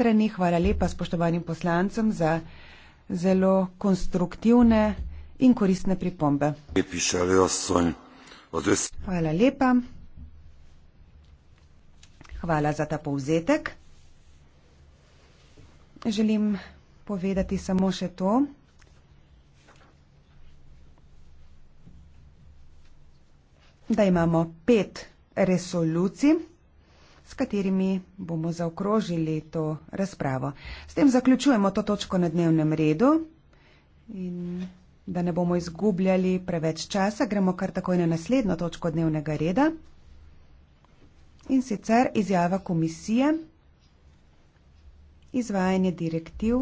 strani hvala lepa spoštovanim poslancem za zelo konstruktivne in koristne pripombe. Hvala lepa. Hvala za ta povzetek. Želim povedati samo še to. Da imamo pet resolucij s katerimi bomo zaokrožili to razpravo. S tem zaključujemo to točko na dnevnem redu in da ne bomo izgubljali preveč časa, gremo kar takoj na naslednjo točko dnevnega reda in sicer izjava komisije izvajanje direktiv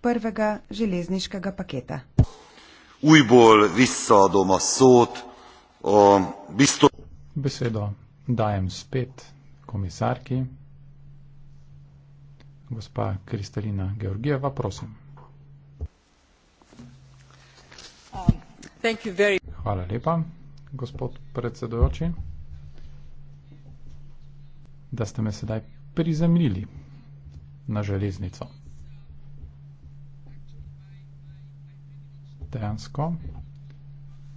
prvega železniškega paketa. Ujbol viso doma sod, o, bisto... Besedo dajem spet комиссарки. Госпа Кристалина Георгиева, просим. Hvala lepa, gospod predsedojoči, da ste me sedaj prizemljili na železnico. Dejansko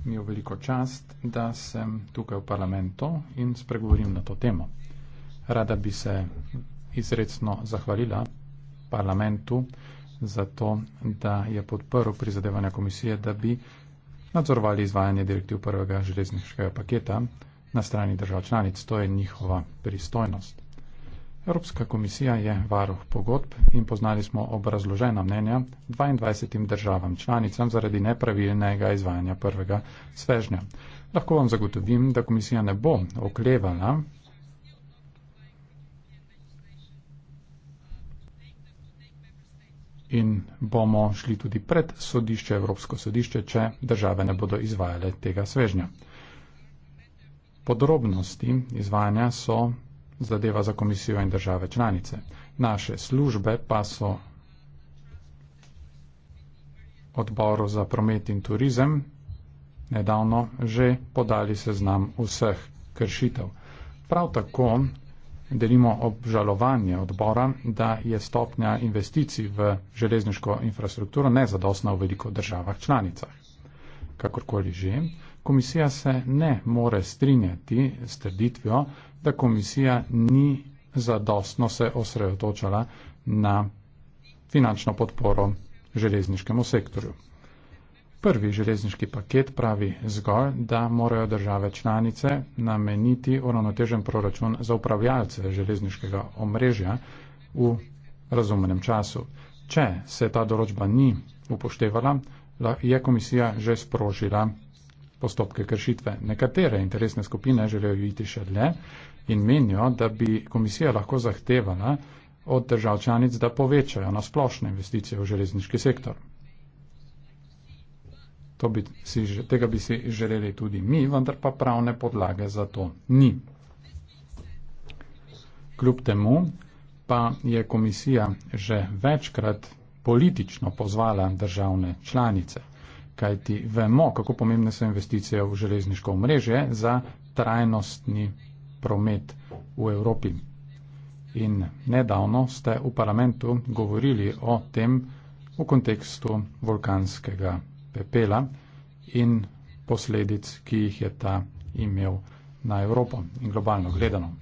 mi je veliko čast, da sem tukaj v parlamentu in spregovorim na to temo. Rada bi se izredno zahvalila parlamentu za to, da je podprl prizadevanja komisije, da bi nadzorovali izvajanje direktiv prvega železniškega paketa na strani držav članic. To je njihova pristojnost. Evropska komisija je varuh pogodb in poznali smo obrazložena mnenja 22 državam članicam zaradi nepravilnega izvajanja prvega svežnja. Lahko vam zagotovim, da komisija ne bo oklevala in bomo šli tudi pred sodišče, Evropsko sodišče, če države ne bodo izvajale tega svežnja. Podrobnosti izvajanja so zadeva za komisijo in države članice. Naše službe pa so odboru za promet in turizem nedavno že podali seznam vseh kršitev. Prav tako delimo obžalovanje odbora, da je stopnja investicij v železniško infrastrukturo nezadostna v veliko državah članicah. Kakorkoli že, komisija se ne more strinjati s trditvijo, da komisija ni zadostno se osredotočala na finančno podporo železniškemu sektorju. Prvi železniški paket pravi zgolj, da morajo države članice nameniti uravnotežen proračun za upravljalce železniškega omrežja v razumenem času. Če se ta določba ni upoštevala, je komisija že sprožila postopke kršitve. Nekatere interesne skupine želijo iti še dlje in menijo, da bi komisija lahko zahtevala od držav članic, da povečajo na splošne investicije v železniški sektor bi si, tega bi si želeli tudi mi, vendar pa pravne podlage za to ni. Kljub temu pa je komisija že večkrat politično pozvala državne članice, kajti vemo, kako pomembne so investicije v železniško mreže za trajnostni promet v Evropi. In nedavno ste v parlamentu govorili o tem v kontekstu vulkanskega pepela in posledic, ki jih je ta imel na Evropo in globalno gledano.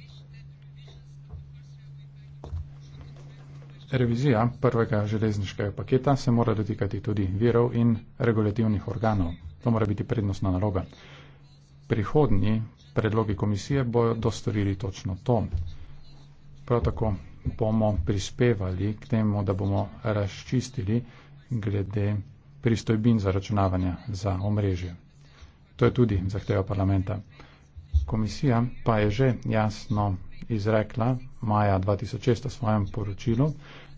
Revizija prvega železniškega paketa se mora dotikati tudi virov in regulativnih organov. To mora biti prednostna naloga. Prihodnji predlogi komisije bojo dostorili točno to. Prav tako bomo prispevali k temu, da bomo razčistili glede pristojbin zaračunavanja za omrežje. To je tudi zahteva parlamenta. Komisija pa je že jasno izrekla maja 2006 v svojem poročilu,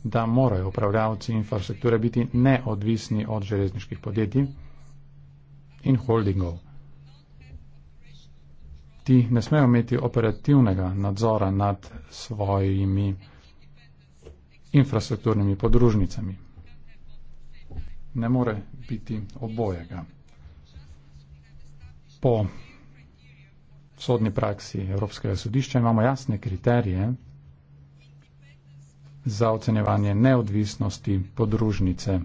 da morajo upravljavci infrastrukture biti neodvisni od železniških podjetij in holdingov. Ti ne smejo imeti operativnega nadzora nad svojimi infrastrukturnimi podružnicami ne more biti obojega. Po sodni praksi Evropskega sodišča imamo jasne kriterije za ocenjevanje neodvisnosti podružnice,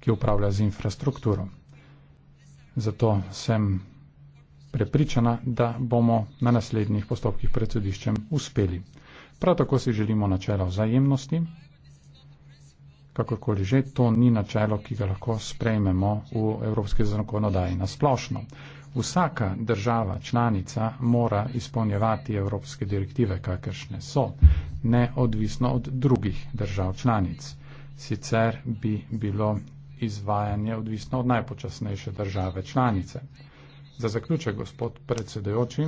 ki upravlja z infrastrukturo. Zato sem prepričana, da bomo na naslednjih postopkih pred sodiščem uspeli. Prav tako si želimo načela vzajemnosti kakorkoli že, to ni načelo, ki ga lahko sprejmemo v evropski zakonodaji na splošno. Vsaka država članica mora izpolnjevati evropske direktive, kakršne so, neodvisno od drugih držav članic. Sicer bi bilo izvajanje odvisno od najpočasnejše države članice. Za zaključek, gospod predsedujoči,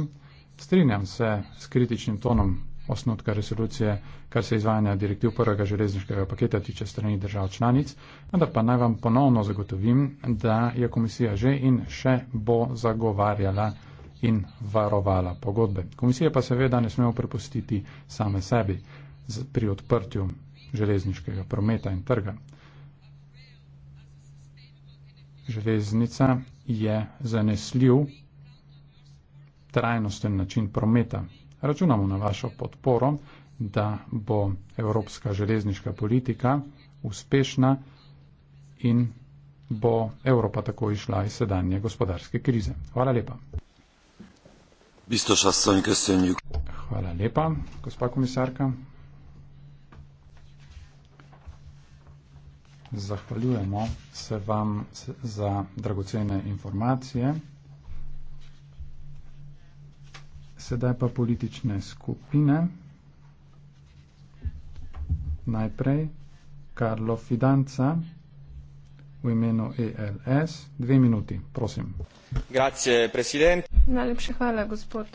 strinjam se s kritičnim tonom osnotka resolucije, kar se izvajanja direktiv prvega železniškega paketa tiče strani držav članic, vendar pa naj vam ponovno zagotovim, da je komisija že in še bo zagovarjala in varovala pogodbe. Komisije pa seveda ne smemo prepustiti same sebi pri odprtju železniškega prometa in trga. Železnica je zanesljiv trajnosten način prometa, Računamo na vašo podporo, da bo evropska železniška politika uspešna in bo Evropa tako išla iz sedanje gospodarske krize. Hvala lepa. Hvala lepa, gospa komisarka. Zahvaljujemo se vam za dragocene informacije. Sedaj pa politične skupine. Najprej Karlo Fidanca v imenu ELS. Dve minuti, prosim. Grazie, president. Najlepša hvala, gospod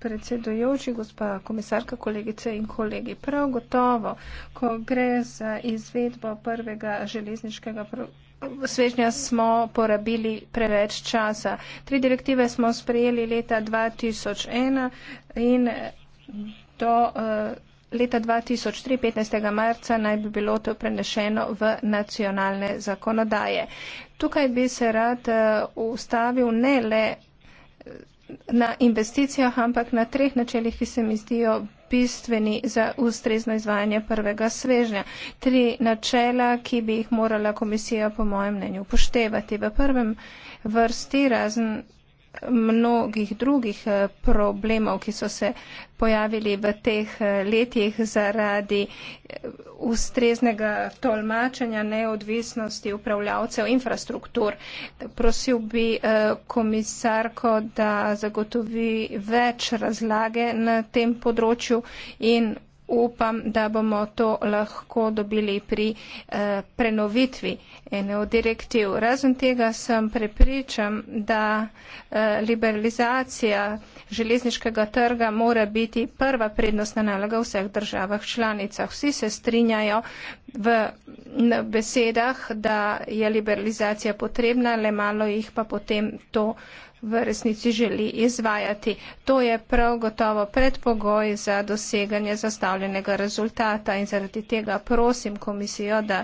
predsedujoči, gospa komisarka, kolegice in kolegi. Prav gotovo, ko gre za izvedbo prvega železniškega programa, svežnja smo porabili preveč časa. Tri direktive smo sprejeli leta 2001 in do eh, leta 2003, 15. marca, naj bi bilo to prenešeno v nacionalne zakonodaje. Tukaj bi se rad eh, ustavil ne le eh, na investicijah, ampak na treh načelih, ki se mi zdijo bistveni za ustrezno izvajanje prvega svežnja. Tri načela, ki bi jih morala komisija po mojem mnenju upoštevati. V prvem vrsti, razen mnogih drugih eh, problemov, ki so se pojavili v teh eh, letih zaradi eh, ustreznega tolmačenja neodvisnosti upravljavcev infrastruktur. Prosil bi komisarko, da zagotovi več razlage na tem področju in upam, da bomo to lahko dobili pri eh, prenovitvi ene od direktiv. Razen tega sem prepričan, da eh, liberalizacija železniškega trga mora biti prva prednostna naloga v vseh državah članicah. Vsi se strinjajo v besedah, da je liberalizacija potrebna, le malo jih pa potem to v resnici želi izvajati. To je prav gotovo predpogoj za doseganje zastavljenega rezultata in zaradi tega prosim komisijo, da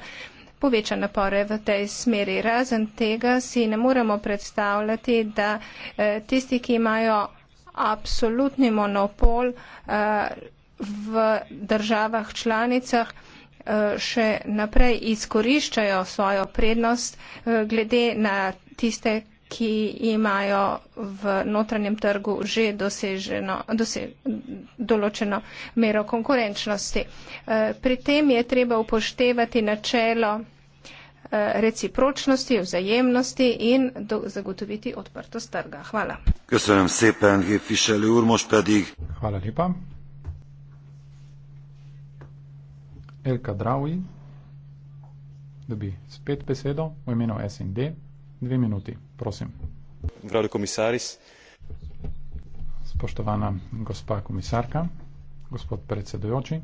poveča napore v tej smeri. Razen tega si ne moremo predstavljati, da eh, tisti, ki imajo absolutni monopol eh, v državah članicah, eh, še naprej izkoriščajo svojo prednost glede na tiste, ki imajo v notranjem trgu že doseženo, dose, določeno mero konkurenčnosti. Eh, pri tem je treba upoštevati načelo eh, recipročnosti, vzajemnosti in do, zagotoviti odprtost trga. Hvala. Hvala lepa. Elka Drawi dobi spet besedo v imenu SND dve minuti, prosim. Vrali komisaris. Spoštovana gospa komisarka, gospod predsedujoči,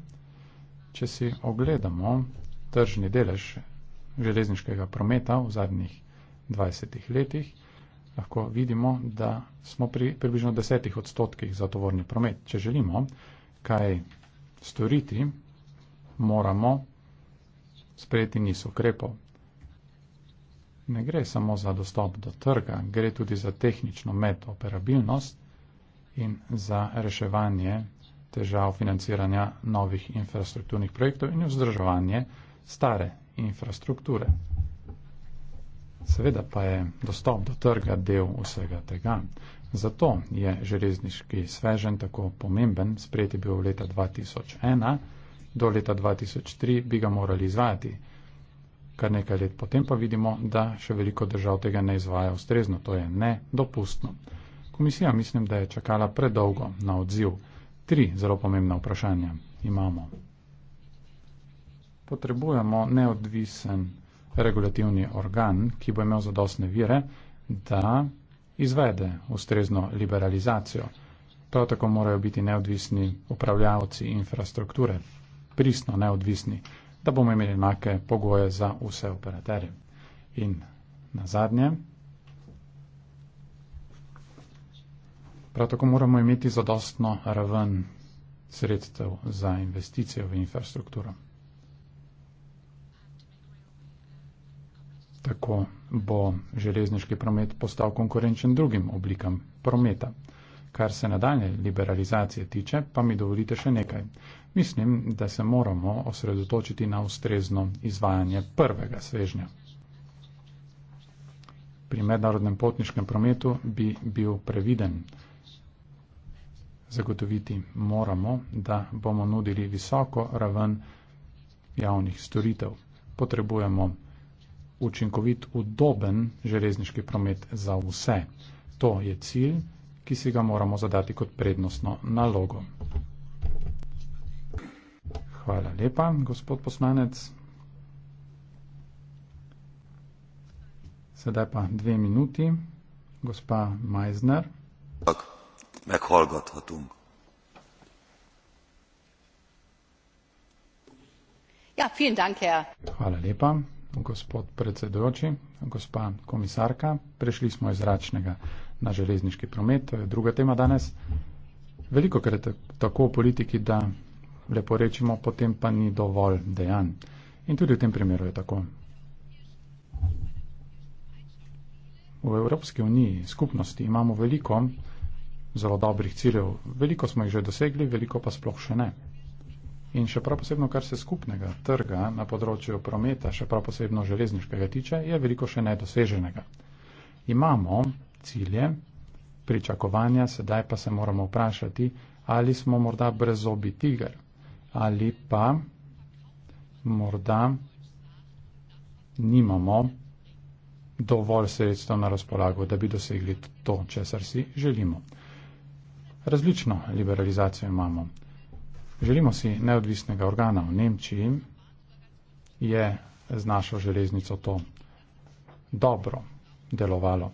če si ogledamo tržni delež železniškega prometa v zadnjih 20 letih, lahko vidimo, da smo pri približno 10 odstotkih za tovorni promet. Če želimo kaj storiti, moramo sprejeti niz ukrepov ne gre samo za dostop do trga, gre tudi za tehnično medoperabilnost in za reševanje težav financiranja novih infrastrukturnih projektov in vzdrževanje stare infrastrukture. Seveda pa je dostop do trga del vsega tega. Zato je železniški svežen tako pomemben, sprejeti bil v leta 2001, do leta 2003 bi ga morali izvajati kar nekaj let potem pa vidimo, da še veliko držav tega ne izvaja ustrezno, to je nedopustno. Komisija mislim, da je čakala predolgo na odziv. Tri zelo pomembna vprašanja imamo. Potrebujemo neodvisen regulativni organ, ki bo imel zadostne vire, da izvede ustrezno liberalizacijo. Prav tako morajo biti neodvisni upravljavci infrastrukture, pristno neodvisni da bomo imeli enake pogoje za vse operaterje. In na zadnje, prav tako moramo imeti zadostno raven sredstev za investicije v infrastrukturo. Tako bo železniški promet postal konkurenčen drugim oblikam prometa. Kar se nadaljne liberalizacije tiče, pa mi dovolite še nekaj. Mislim, da se moramo osredotočiti na ustrezno izvajanje prvega svežnja. Pri mednarodnem potniškem prometu bi bil previden. Zagotoviti moramo, da bomo nudili visoko raven javnih storitev. Potrebujemo učinkovit, udoben železniški promet za vse. To je cilj, ki si ga moramo zadati kot prednostno nalogo. Hvala lepa, gospod poslanec. Sedaj pa dve minuti. Gospa Majzner. Meghallgathatunk. Ja, vielen Dank, Herr. Hvala lepa, gospod predsedujoči, gospa komisarka. Prešli smo iz zračnega na železniški promet, to je druga tema danes. Veliko krat tako v politiki, da leporečimo, potem pa ni dovolj dejanj. In tudi v tem primeru je tako. V Evropski uniji, skupnosti, imamo veliko zelo dobrih ciljev. Veliko smo jih že dosegli, veliko pa sploh še ne. In še prav posebno, kar se skupnega trga na področju prometa, še prav posebno železniškega tiče, je veliko še nedoseženega. Imamo cilje, pričakovanja, sedaj pa se moramo vprašati, ali smo morda brezobi tiger ali pa morda nimamo dovolj sredstev na razpolago, da bi dosegli to, česar si želimo. Različno liberalizacijo imamo. Želimo si neodvisnega organa v Nemčiji, je z našo železnico to dobro delovalo,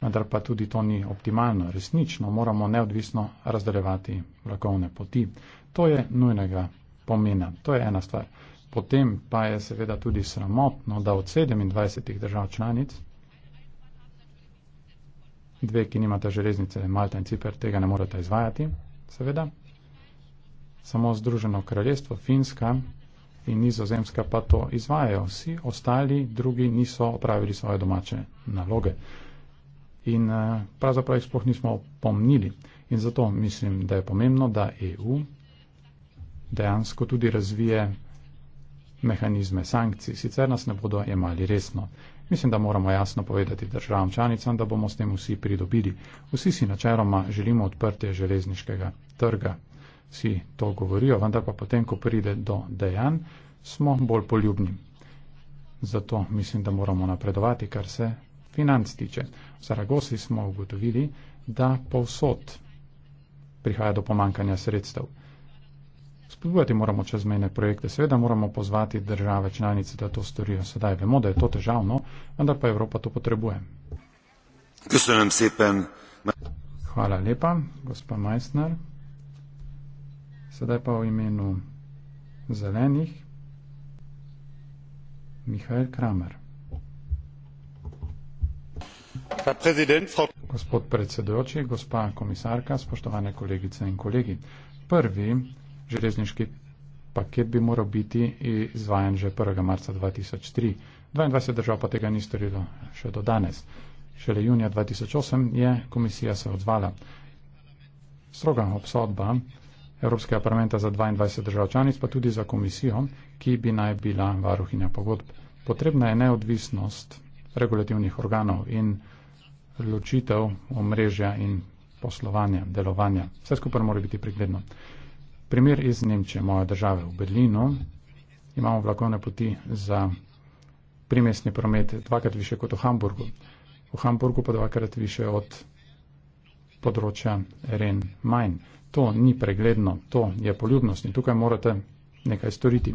vendar pa tudi to ni optimalno. Resnično moramo neodvisno razdeljevati vlakovne poti. To je nujnega spomina. To je ena stvar. Potem pa je seveda tudi sramotno, da od 27 držav članic, dve, ki nimate železnice, Malta in Cipr, tega ne morete izvajati, seveda. Samo Združeno kraljestvo, Finska in Nizozemska pa to izvajajo. Vsi ostali drugi niso opravili svoje domače naloge. In eh, pravzaprav jih sploh nismo pomnili. In zato mislim, da je pomembno, da EU dejansko tudi razvije mehanizme sankcij. Sicer nas ne bodo jemali resno. Mislim, da moramo jasno povedati državam članicam, da bomo s tem vsi pridobili. Vsi si načeloma želimo odprtje železniškega trga. Vsi to govorijo, vendar pa potem, ko pride do dejanj, smo bolj poljubni. Zato mislim, da moramo napredovati, kar se financ tiče. V Saragosi smo ugotovili, da povsod prihaja do pomankanja sredstev. Spodbujati moramo čezmejne projekte, seveda moramo pozvati države članice, da to storijo. Sedaj vemo, da je to težavno, vendar pa Evropa to potrebuje. Hvala lepa, gospa Majsner. Sedaj pa v imenu zelenih Mihajl Kramer. Gospod predsedujoči, gospa komisarka, spoštovane kolegice in kolegi. Prvi železniški paket bi moral biti izvajan že 1. marca 2003. 22 držav pa tega ni storilo še do danes. Šele junija 2008 je komisija se odzvala. Stroga obsodba Evropskega parlamenta za 22 držav članic, pa tudi za komisijo, ki bi naj bila varuhinja pogodb. Potrebna je neodvisnost regulativnih organov in ločitev omrežja in poslovanja, delovanja. Vse skupaj mora biti pregledno. Primer iz Nemčije, moje države v Berlinu, imamo vlakovne poti za primestni promet dvakrat više kot v Hamburgu. V Hamburgu pa dvakrat više od področja Ren-Main. To ni pregledno, to je poljubnost in tukaj morate nekaj storiti.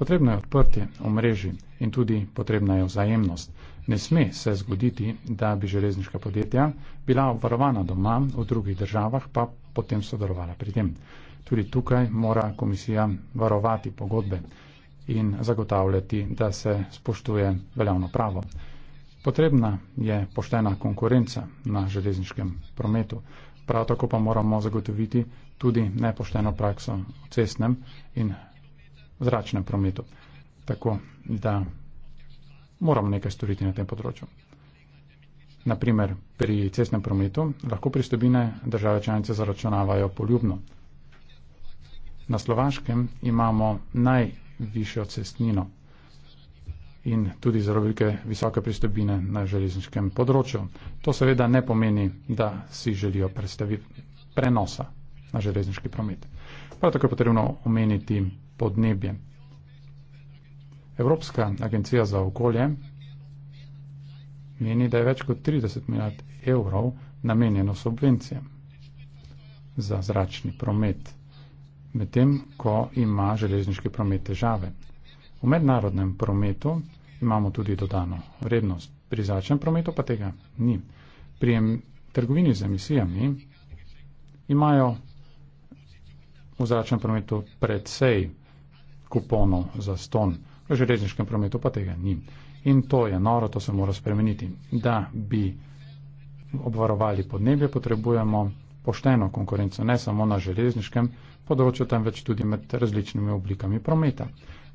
Potrebno je odprtje v mreži in tudi potrebna je vzajemnost. Ne sme se zgoditi, da bi železniška podjetja bila obvarovana doma v drugih državah, pa potem sodelovala pri tem. Tudi tukaj mora komisija varovati pogodbe in zagotavljati, da se spoštuje veljavno pravo. Potrebna je poštena konkurenca na železniškem prometu. Prav tako pa moramo zagotoviti tudi nepošteno prakso v cestnem in zračnem prometu. Tako da moramo nekaj storiti na tem področju. Naprimer, pri cestnem prometu lahko pristobine države članice zaračunavajo poljubno. Na Slovaškem imamo najvišjo cestnino in tudi zelo velike visoke pristobine na železniškem področju. To seveda ne pomeni, da si želijo prenosa na železniški promet. Prav tako je potrebno omeniti podnebje. Evropska agencija za okolje meni, da je več kot 30 milijard evrov namenjeno subvencijam za zračni promet medtem ko ima železniški promet težave. V mednarodnem prometu imamo tudi dodano vrednost, pri zračnem prometu pa tega ni. Pri trgovini z emisijami imajo v zračnem prometu predvsej kuponov za ston, v železniškem prometu pa tega ni. In to je noro, to se mora spremeniti. Da bi obvarovali podnebje, potrebujemo pošteno konkurenco, ne samo na železniškem, področju, temveč tudi med različnimi oblikami prometa.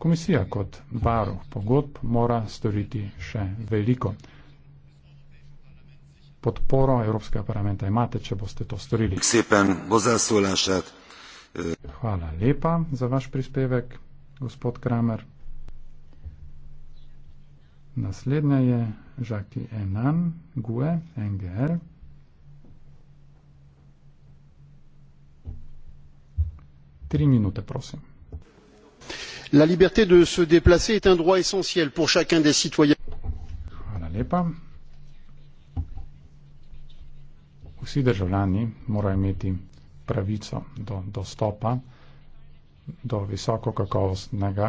Komisija kot varuh pogodb mora storiti še veliko. Podporo Evropskega parlamenta imate, če boste to storili. Hvala lepa za vaš prispevek, gospod Kramer. Naslednja je Žaki Enan, GUE, NGR. Tri minute, prosim. La liberté de se déplacer est un droit essentiel pour chacun des citoyens. Hvala lepa. Vsi državljani morajo imeti pravico do dostopa do visoko kakovostnega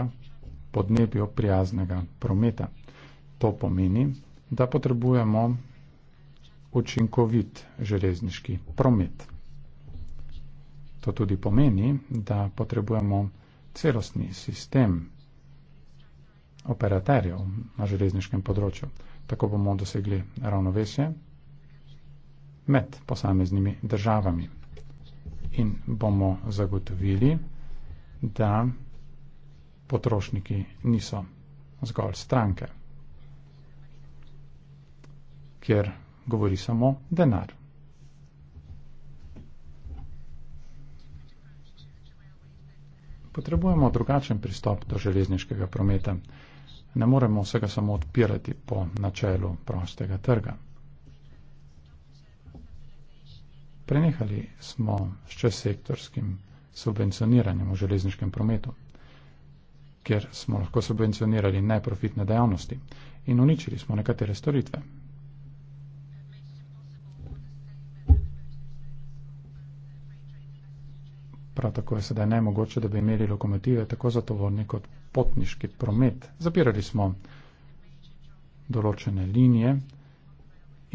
podnebju prijaznega prometa. To pomeni, da potrebujemo učinkovit železniški promet. To tudi pomeni, da potrebujemo celostni sistem operaterjev na železniškem področju. Tako bomo dosegli ravnovesje med posameznimi državami in bomo zagotovili, da potrošniki niso zgolj stranke, kjer govori samo denar. potrebujemo drugačen pristop do železniškega prometa. Ne moremo vsega samo odpirati po načelu prostega trga. Prenehali smo s česektorskim subvencioniranjem v železniškem prometu, ker smo lahko subvencionirali neprofitne dejavnosti in uničili smo nekatere storitve, Prav tako je sedaj ne mogoče, da bi imeli lokomotive tako za tovorni kot potniški promet. Zapirali smo določene linije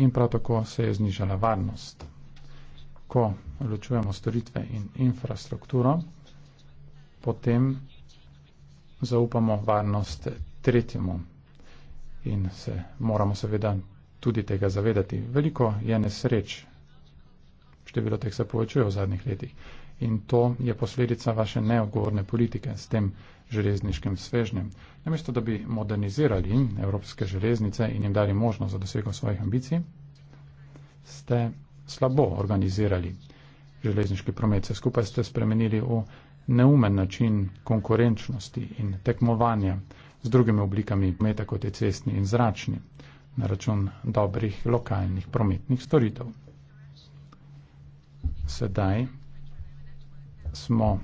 in prav tako se je znižala varnost. Ko ločujemo storitve in infrastrukturo, potem zaupamo varnost tretjemu in se moramo seveda tudi tega zavedati. Veliko je nesreč, število teh se povečuje v zadnjih letih in to je posledica vaše neogovorne politike s tem železniškim svežnjem. Namesto, da bi modernizirali evropske železnice in jim dali možnost za dosego svojih ambicij, ste slabo organizirali železniški promet. Se skupaj ste spremenili v neumen način konkurenčnosti in tekmovanja z drugimi oblikami prometa, kot je cestni in zračni, na račun dobrih lokalnih prometnih storitev. Sedaj smo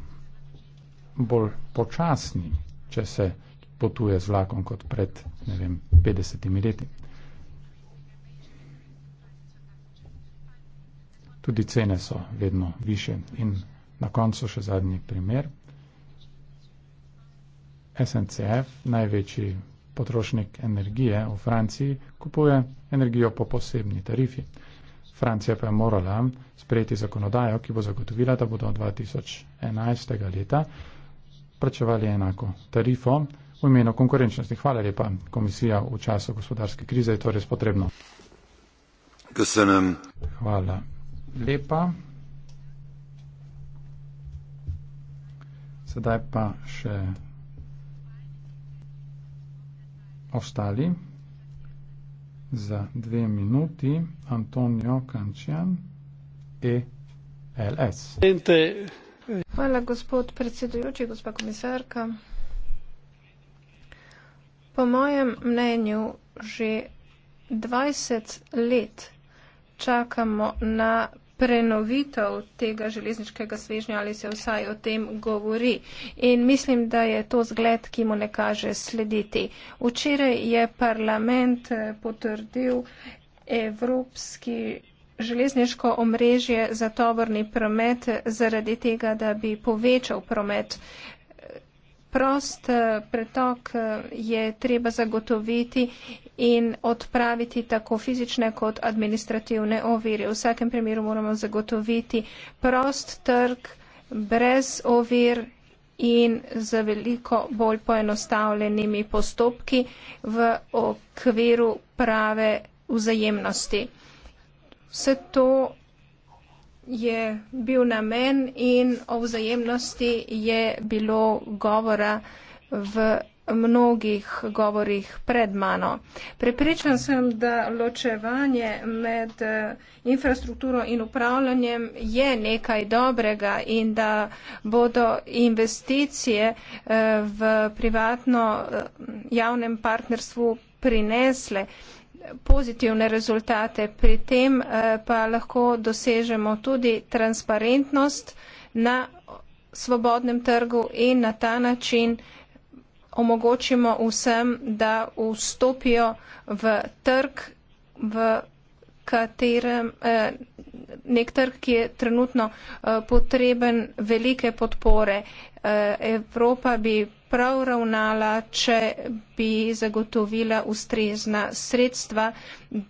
bolj počasni, če se potuje z vlakom kot pred, ne vem, 50 leti. Tudi cene so vedno više in na koncu še zadnji primer. SNCF, največji potrošnik energije v Franciji, kupuje energijo po posebni tarifi. Francija pa je morala sprejeti zakonodajo, ki bo zagotovila, da bodo od 2011. leta plačevali enako tarifo v imenu konkurenčnosti. Hvala lepa, komisija v času gospodarske krize je to res potrebno. Hvala lepa. Sedaj pa še ostali za dve minuti Antonio Kančjan, ELS. Hvala, gospod predsedujoči, gospa komisarka. Po mojem mnenju že 20 let čakamo na prenovitev tega železniškega svežnja ali se vsaj o tem govori. In mislim, da je to zgled, ki mu ne kaže slediti. Včeraj je parlament eh, potrdil evropski železniško omrežje za tovorni promet zaradi tega, da bi povečal promet eh, prost eh, pretok eh, je treba zagotoviti in odpraviti tako fizične kot administrativne ovire. V vsakem primeru moramo zagotoviti prost trg brez ovir in z veliko bolj poenostavljenimi postopki v okviru prave vzajemnosti. Vse to je bil namen in o vzajemnosti je bilo govora v mnogih govorih pred mano. Prepričan sem, da ločevanje med eh, infrastrukturo in upravljanjem je nekaj dobrega in da bodo investicije eh, v privatno eh, javnem partnerstvu prinesle pozitivne rezultate. Pri tem eh, pa lahko dosežemo tudi transparentnost na svobodnem trgu in na ta način omogočimo vsem, da vstopijo v trg v katerem, eh, nek trg, ki je trenutno eh, potreben velike podpore. Eh, Evropa bi prav ravnala, če bi zagotovila ustrezna sredstva,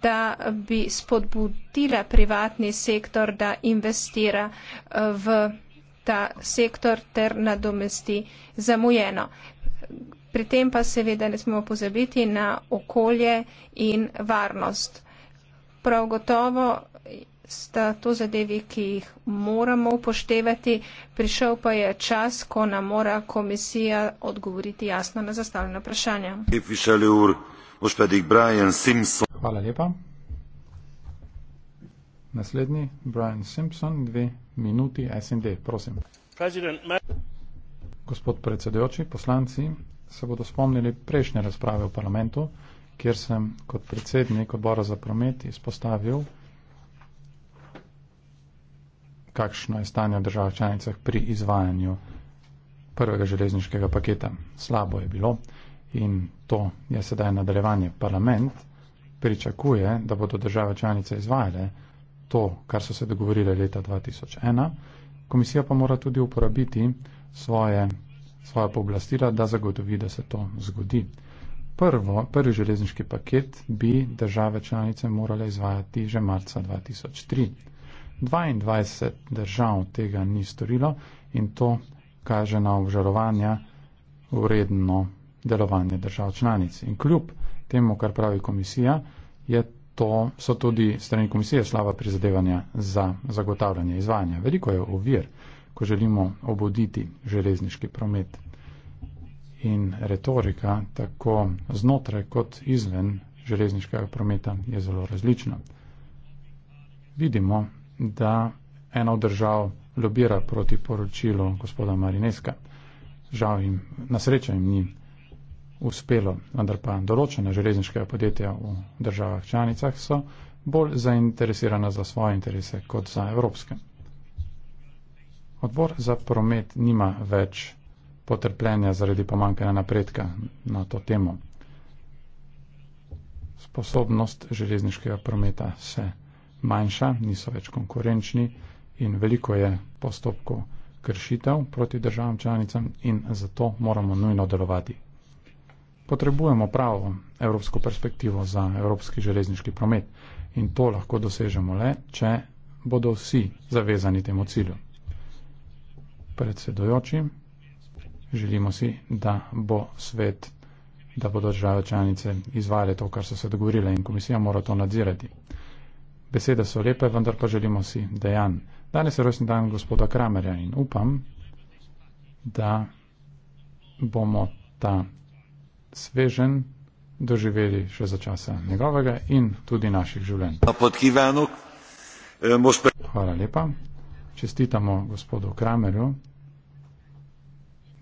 da bi spodbudila privatni sektor, da investira v ta sektor ter nadomesti zamujeno. Pri tem pa seveda ne smemo pozabiti na okolje in varnost prav gotovo sta to zadevi, ki jih moramo upoštevati. Prišel pa je čas, ko nam mora komisija odgovoriti jasno na zastavljena vprašanja. Hvala lepa. Naslednji, Brian Simpson, dve minuti SND, prosim. Gospod predsedujoči, poslanci se bodo spomnili prejšnje razprave v parlamentu kjer sem kot predsednik odbora za promet izpostavil, kakšno je stanje v državah članicah pri izvajanju prvega železniškega paketa. Slabo je bilo in to je sedaj nadaljevanje. Parlament pričakuje, da bodo države članice izvajale to, kar so se dogovorile leta 2001. Komisija pa mora tudi uporabiti svoje, svoje pooblastila, da zagotovi, da se to zgodi prvo, prvi železniški paket bi države članice morale izvajati že marca 2003. 22 držav tega ni storilo in to kaže na obžalovanja vredno delovanje držav članic. In kljub temu, kar pravi komisija, to, so tudi strani komisije slaba prizadevanja za zagotavljanje izvajanja. Veliko je ovir, ko želimo obuditi železniški promet in retorika, tako znotraj kot izven železniškega prometa, je zelo različna. Vidimo, da ena od držav lobira proti poročilu gospoda Marineska. Žal jim, na srečo jim ni uspelo, vendar pa določena železniška podjetja v državah članicah so bolj zainteresirana za svoje interese kot za evropske. Odbor za promet nima več potrpljenja zaradi pomankanja napredka na to temo. Sposobnost železniškega prometa se manjša, niso več konkurenčni in veliko je postopkov kršitev proti državam članicam in zato moramo nujno delovati. Potrebujemo pravo evropsko perspektivo za evropski železniški promet in to lahko dosežemo le, če bodo vsi zavezani temu cilju. Predsedujočim želimo si, da bo svet, da bodo države članice izvajale to, kar so se dogovorile in komisija mora to nadzirati. Besede so lepe, vendar pa želimo si dejan. Danes je rojstni dan gospoda Kramerja in upam, da bomo ta svežen doživeli še za časa njegovega in tudi naših življenj. Eh, Hvala lepa. Čestitamo gospodu Kramerju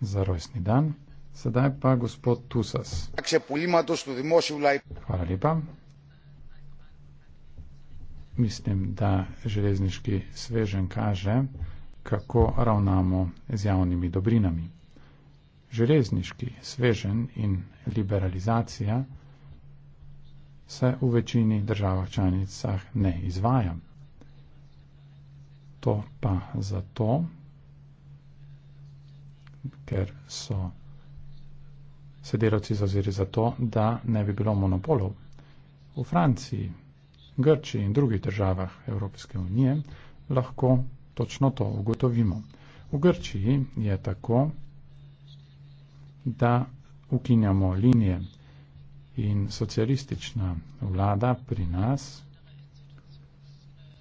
za rojstni dan. Sedaj pa gospod Tusas. Hvala lepa. Mislim, da železniški svežen kaže, kako ravnamo z javnimi dobrinami. Železniški svežen in liberalizacija se v večini državah članicah ne izvaja. To pa zato, ker so se delavci zauzeli za to, da ne bi bilo monopolov. V Franciji, Grči in drugih državah Evropske unije lahko točno to ugotovimo. V Grčiji je tako, da ukinjamo linije in socialistična vlada pri nas,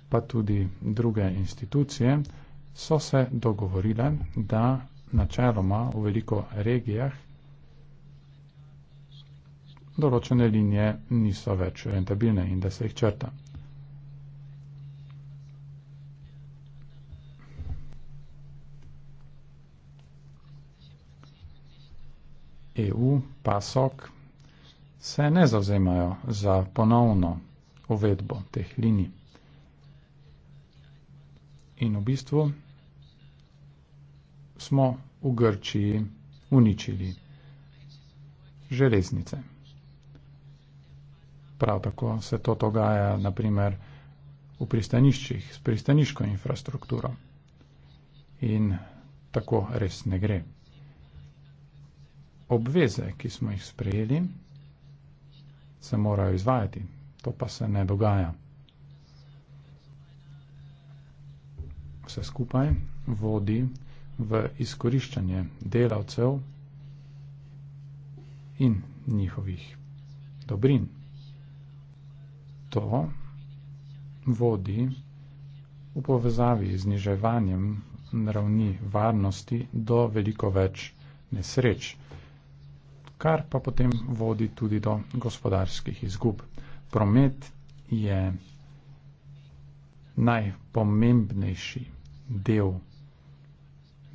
pa tudi druge institucije, so se dogovorile, da načeloma v veliko regijah določene linije niso več rentabilne in da se jih črta. EU, PASOK se ne zavzemajo za ponovno uvedbo teh linij. In v bistvu smo v Grčiji uničili železnice. Prav tako se to dogaja naprimer v pristaniščih s pristaniško infrastrukturo. In tako res ne gre. Obveze, ki smo jih sprejeli, se morajo izvajati. To pa se ne dogaja. Vse skupaj vodi v izkoriščanje delavcev in njihovih dobrin. To vodi v povezavi z niževanjem ravni varnosti do veliko več nesreč, kar pa potem vodi tudi do gospodarskih izgub. Promet je najpomembnejši del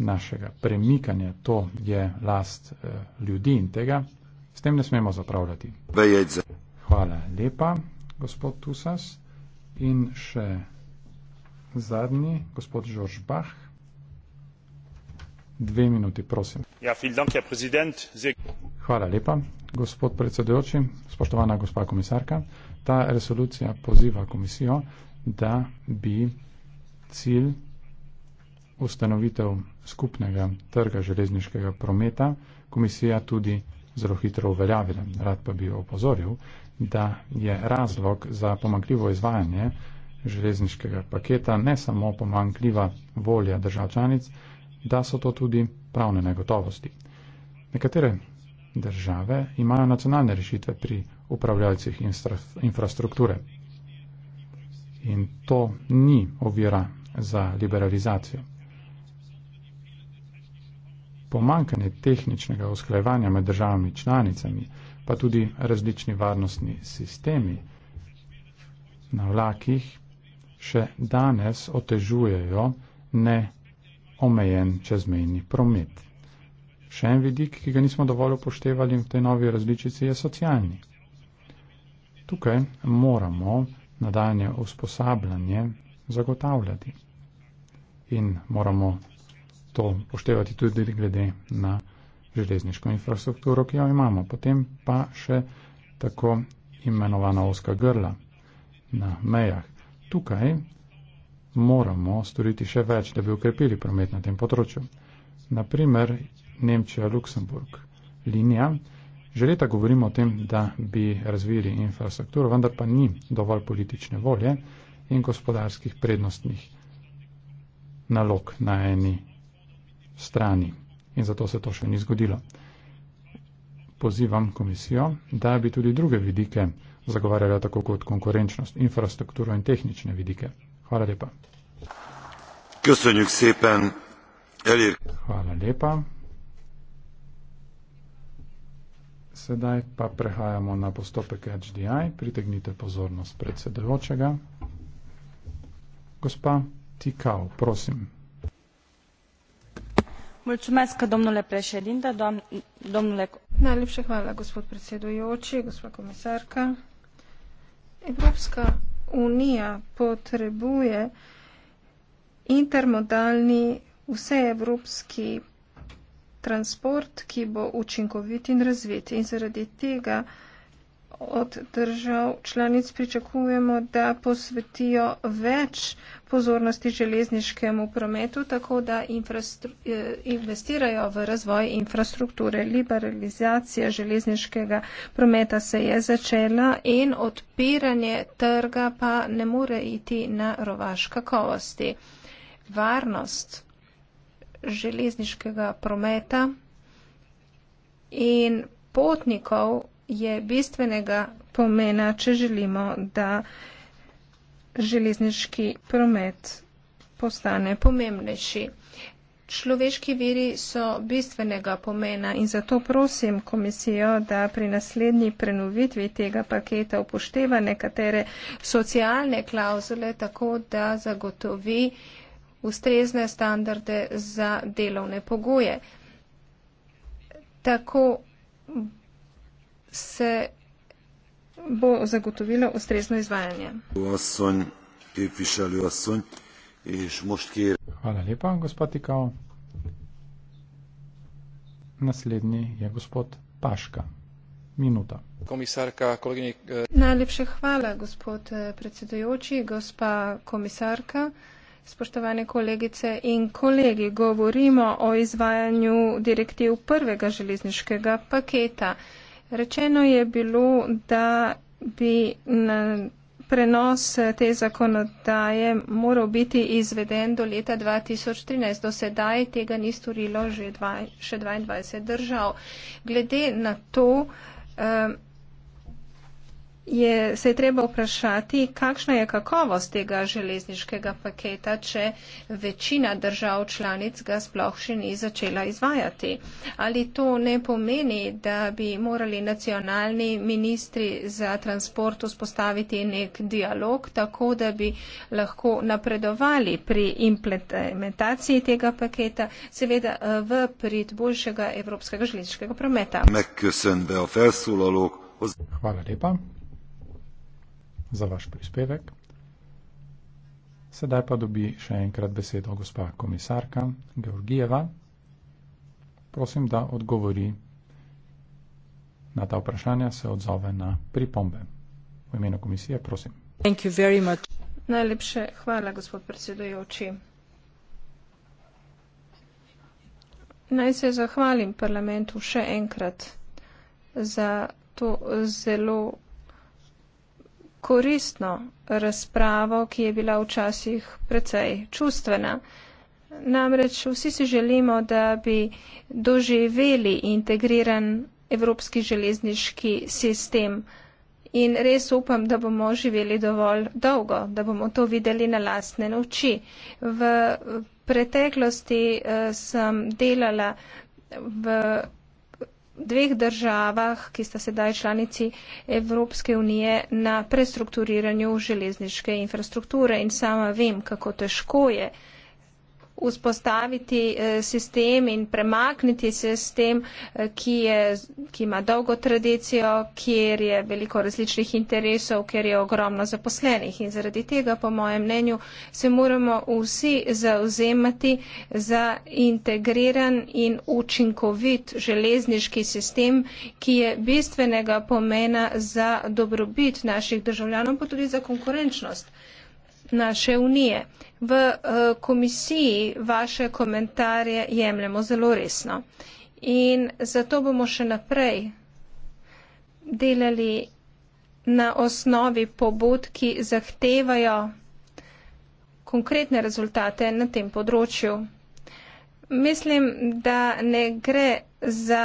našega premikanja, to je last eh, ljudi in tega s tem ne smemo zapravljati. Hvala lepa, gospod Tusas. In še zadnji, gospod Žorž Bach. Dve minuti, prosim. Ja, Hvala lepa, gospod predsedujoči, spoštovana gospa komisarka. Ta resolucija poziva komisijo, da bi cilj ustanovitev skupnega trga železniškega prometa komisija tudi zelo hitro uveljavila. Rad pa bi opozoril, da je razlog za pomankljivo izvajanje železniškega paketa ne samo pomankljiva volja držav članic, da so to tudi pravne negotovosti. Nekatere države imajo nacionalne rešitve pri upravljalcih infrastrukture. In to ni ovira za liberalizacijo pomankanje tehničnega usklajevanja med državami članicami, pa tudi različni varnostni sistemi na vlakih še danes otežujejo neomejen čezmejni promet. Še en vidik, ki ga nismo dovolj upoštevali v tej novi različici, je socialni. Tukaj moramo nadaljne usposabljanje zagotavljati in moramo to poštevati tudi glede na železniško infrastrukturo, ki jo imamo. Potem pa še tako imenovana oska grla na mejah. Tukaj moramo storiti še več, da bi ukrepili promet na tem področju. Naprimer, Nemčija-Luksemburg linija. Že leta govorimo o tem, da bi razvili infrastrukturo, vendar pa ni dovolj politične volje in gospodarskih prednostnih nalog na eni strani in zato se to še ni zgodilo. Pozivam komisijo, da bi tudi druge vidike zagovarjala tako kot konkurenčnost, infrastrukturo in tehnične vidike. Hvala lepa. Hvala lepa. Sedaj pa prehajamo na postopek HDI. Pritegnite pozornost predsedojočega. Gospa Tikao, prosim domnule preedinte domnule comisar najlepša hvala gospod predsedujoči gospa komisarka. evropska unija potrebuje intermodalni vseevropski transport ki bo učinkovit in razvit in zaradi tega od držav članic pričakujemo, da posvetijo več pozornosti železniškemu prometu, tako da eh, investirajo v razvoj infrastrukture. Liberalizacija železniškega prometa se je začela in odpiranje trga pa ne more iti na rovaš kakovosti. Varnost železniškega prometa in potnikov je bistvenega pomena, če želimo, da železniški promet postane pomembnejši. Človeški viri so bistvenega pomena in zato prosim komisijo, da pri naslednji prenovitvi tega paketa upošteva nekatere socialne klauzule, tako da zagotovi ustrezne standarde za delovne pogoje. Tako se bo zagotovilo ustrezno izvajanje. Hvala lepa, gospod Tikao. Naslednji je gospod Paška. Minuta. Komisarka, kolegini. Eh, Najlepša hvala, gospod eh, predsedujoči, gospa komisarka, spoštovane kolegice in kolegi. Govorimo o izvajanju direktiv prvega železniškega paketa. Rečeno je bilo, da bi na prenos te zakonodaje moral biti izveden do leta 2013. Do sedaj tega ni storilo že, dva, še 22 držav. Glede na to, eh, je, se je treba vprašati, kakšna je kakovost tega železniškega paketa, če večina držav članic ga sploh še ni začela izvajati. Ali to ne pomeni, da bi morali nacionalni ministri za transport vzpostaviti nek dialog, tako da bi lahko napredovali pri implementaciji tega paketa, seveda eh, v prid boljšega evropskega železniškega prometa? Hvala lepa za vaš prispevek. Sedaj pa dobi še enkrat besedo gospa komisarka Georgijeva. Prosim, da odgovori na ta vprašanja, se odzove na pripombe. V imenu komisije, prosim. Thank you very much. Najlepše hvala, gospod predsedujoči. Naj se zahvalim parlamentu še enkrat za to zelo koristno razpravo, ki je bila včasih precej čustvena. Namreč vsi si želimo, da bi doživeli integriran evropski železniški sistem in res upam, da bomo živeli dovolj dolgo, da bomo to videli na lastne oči. V preteklosti eh, sem delala v dveh državah, ki sta sedaj članici Evropske unije, na prestrukturiranju železniške infrastrukture in sama vem, kako težko je uh, vzpostaviti eh, sistem in premakniti sistem, eh, ki, je, ki ima dolgo tradicijo, kjer je veliko različnih interesov, kjer je ogromno zaposlenih. In zaradi tega, po mojem mnenju, se moramo vsi zauzemati za integriran in učinkovit železniški sistem, ki je bistvenega pomena za dobrobit naših državljanov, pa tudi za konkurenčnost naše unije. V eh, komisiji vaše komentarje jemljemo zelo resno. In zato bomo še naprej delali na osnovi pobud, ki zahtevajo konkretne rezultate na tem področju. Mislim, da ne gre za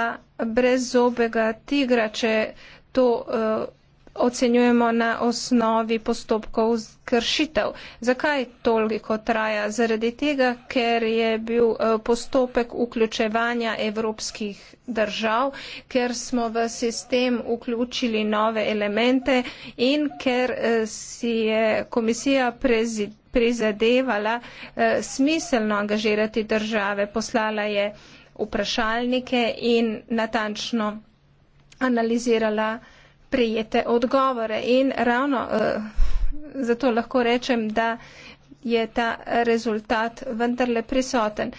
brezobega tigra, če to uh, ocenjujemo na osnovi postopkov kršitev. Zakaj toliko traja? Zaradi tega, ker je bil eh, postopek vključevanja evropskih držav, ker smo v sistem vključili nove elemente in ker eh, si je komisija prizadevala eh, smiselno angažirati države, poslala je vprašalnike in natančno analizirala prejete odgovore in ravno uh, zato lahko rečem, da je ta rezultat vendarle prisoten.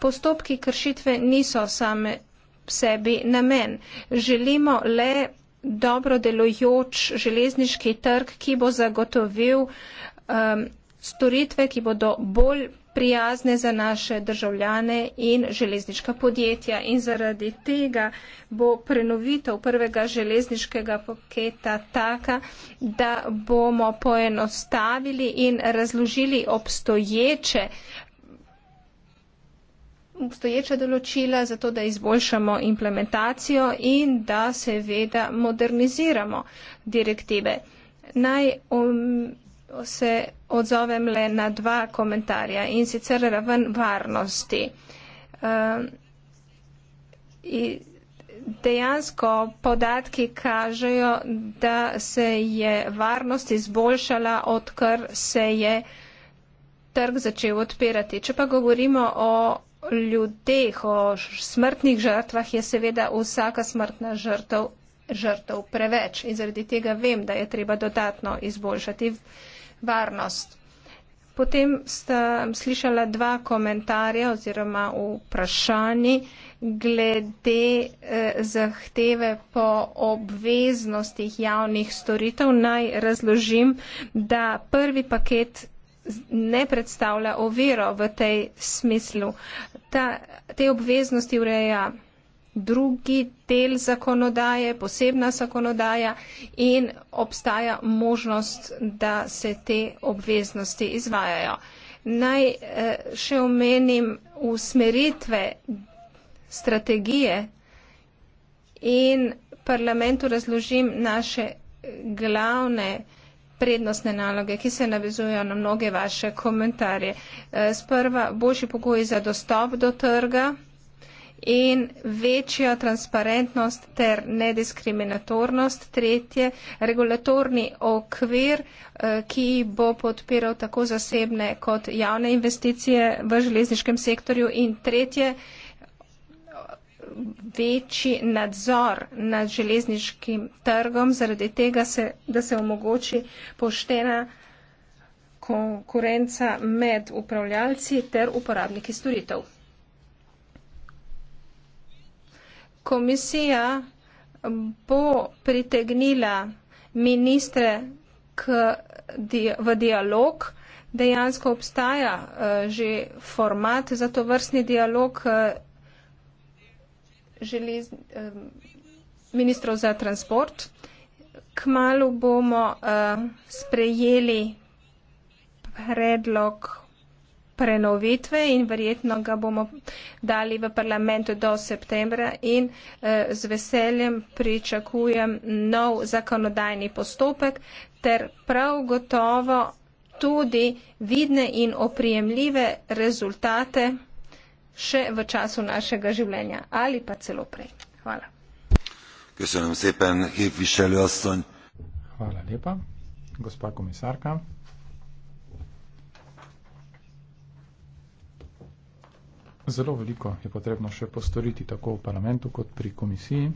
Postopki kršitve niso same sebi namen. Želimo le dobro delujoč železniški trg, ki bo zagotovil um, storitve, ki bodo bolj prijazne za naše državljane in železniška podjetja. In zaradi tega bo prenovitev prvega železniškega paketa taka, da bomo poenostavili in razložili obstoječe obstoječa določila, zato da izboljšamo implementacijo in da seveda moderniziramo direktive. Naj omenim, se odzovem le na dva komentarja in sicer raven varnosti. Ehm, dejansko podatki kažejo, da se je varnost izboljšala, odkar se je trg začel odpirati. Če pa govorimo o ljudeh, o smrtnih žrtvah, je seveda vsaka smrtna žrtev žrtev preveč in zaradi tega vem, da je treba dodatno izboljšati varnost. Potem sem slišala dva komentarja oziroma vprašanji glede eh, zahteve po obveznostih javnih storitev. Naj razložim, da prvi paket ne predstavlja oviro v tej smislu. Ta, te obveznosti ureja drugi del zakonodaje, posebna zakonodaja in obstaja možnost, da se te obveznosti izvajajo. Naj eh, še omenim usmeritve strategije in parlamentu razložim naše glavne prednostne naloge, ki se navezujejo na mnoge vaše komentarje. Eh, sprva boljši pogoji za dostop do trga in večjo transparentnost ter nediskriminatornost. Tretje, regulatorni okvir, eh, ki bo podpiral tako zasebne kot javne investicije v železniškem sektorju. In tretje, večji nadzor nad železniškim trgom, zaradi tega, se, da se omogoči poštena konkurenca med upravljalci ter uporabniki storitev. komisija bo pritegnila ministre di v dialog. Dejansko obstaja uh, že format za to vrstni dialog. Uh, ministrov za transport. Kmalo bomo uh, sprejeli predlog prenovitve in verjetno ga bomo dali v parlamentu do septembra in eh, z veseljem pričakujem nov zakonodajni postopek ter prav gotovo tudi vidne in oprijemljive rezultate še v času našega življenja ali pa celo prej. Hvala. Hvala lepa, gospa komisarka. Zelo veliko je potrebno še postoriti tako v parlamentu kot pri komisiji.